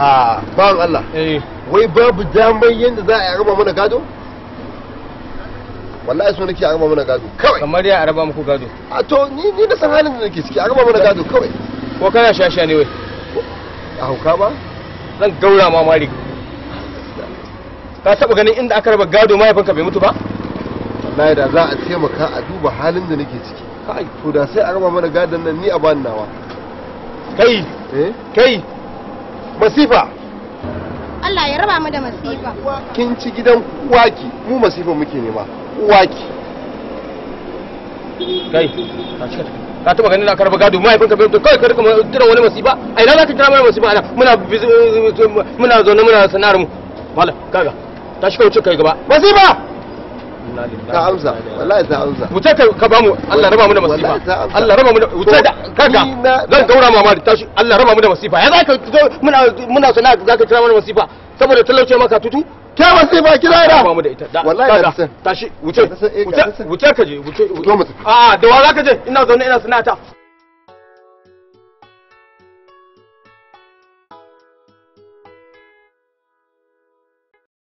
a bawan Allah eh. wai babu damar yadda za a yi raba mana gado wallahi so nake a raba mana gado kawai kamar ya raba muku gado a to ni ni da san halin da nake ciki a raba mana gado kawai ko kana shasha ne wai a hauka ba zan gaura ma mari ka taba ganin inda aka raba gado mahaifinka bai mutu ba wallahi da za a taimaka a duba halin da nake ciki kai to da sai a raba mana gadon nan ni a bani nawa kai eh? kai masifa Allah ya raba mu da masifa kin ci gidan uwaki mu masifa muke nema uwaki kai ka cika taba ganin na karba gado mai fanka bai to kai kar kuma tura wani masifa ai ina za ka tira mana masifa ana muna muna zo muna sanar mu wala kaga tashi kai wuce kai gaba masifa ka amsa wallahi ta amsa wuce ka ka bamu Allah raba mu da masifa Allah raba mu da wuce da kaga zan gaura mama da tashi Allah raba mu da masifa ya zaka muna muna sana zaka kira mana masifa saboda talauce maka tutu ke masifa kira ira ba mu da ita wallahi da tashi wuce eh, wuce wuce ka je wuce a ah, da wa zaka je ina zaune ina sanata